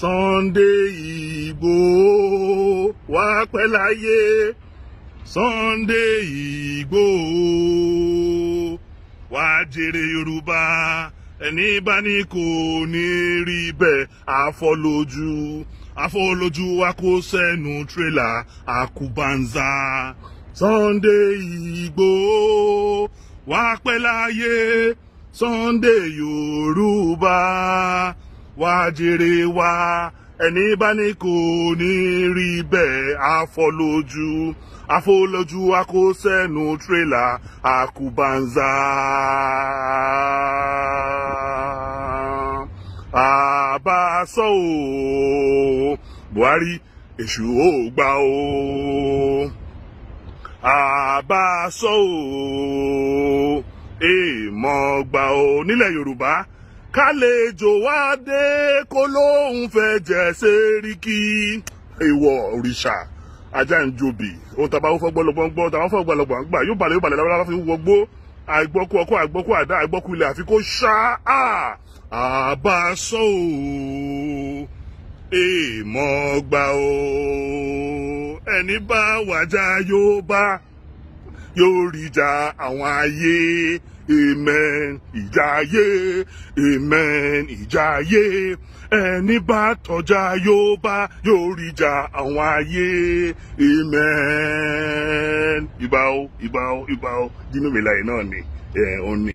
Sunday Igboho wa pẹ́ láyé Sunday Igboho wa jèrè Yorùbá ẹni bá ní kò ní rí bẹ́ẹ̀ àfọlójú àfọlójú wa kó sẹ́nu tírélà àkùbánzá Sunday Igboho wa pẹ́ láyé Sunday Yorùbá wá jèrè wa ẹni bá ní kò ní rí bẹ́ẹ̀ àfọlójú àfọlójú akósẹ́nu tírélà àkùbánzá. àbá sọ o Buhari èṣù ò gbà o àbá sọ o èèmọ̀ gbà o nílẹ̀ Yorùbá kálejò wá dé kó lóun fẹ́ jẹ́ Sẹ́ríkì. ìwọ òrìṣà ajá ń jobi ohun tàbá ó fọgbọ́lọgbọ́n gbọ́ tàbá fọgbọ́lọgbọ́n gbà yóò balẹ̀ yóò balẹ̀ lábàlá fi wọgbó àìgbọ́kú ọkọ àìgbọ́kú àdá àìgbọ́kú ilẹ̀ àfi kó ṣá à àbá sọ ò èèmọ̀ gbà ò ẹni bá wàjà yóò bá yóò rí àwọn ayé amen ìjàyè amen ìjàyè ẹni bá tọjà yóò bá yóò rí jà àwọn ayé amen ìbà o ìbà o ìbà o Dino náà ni ẹ òun ni.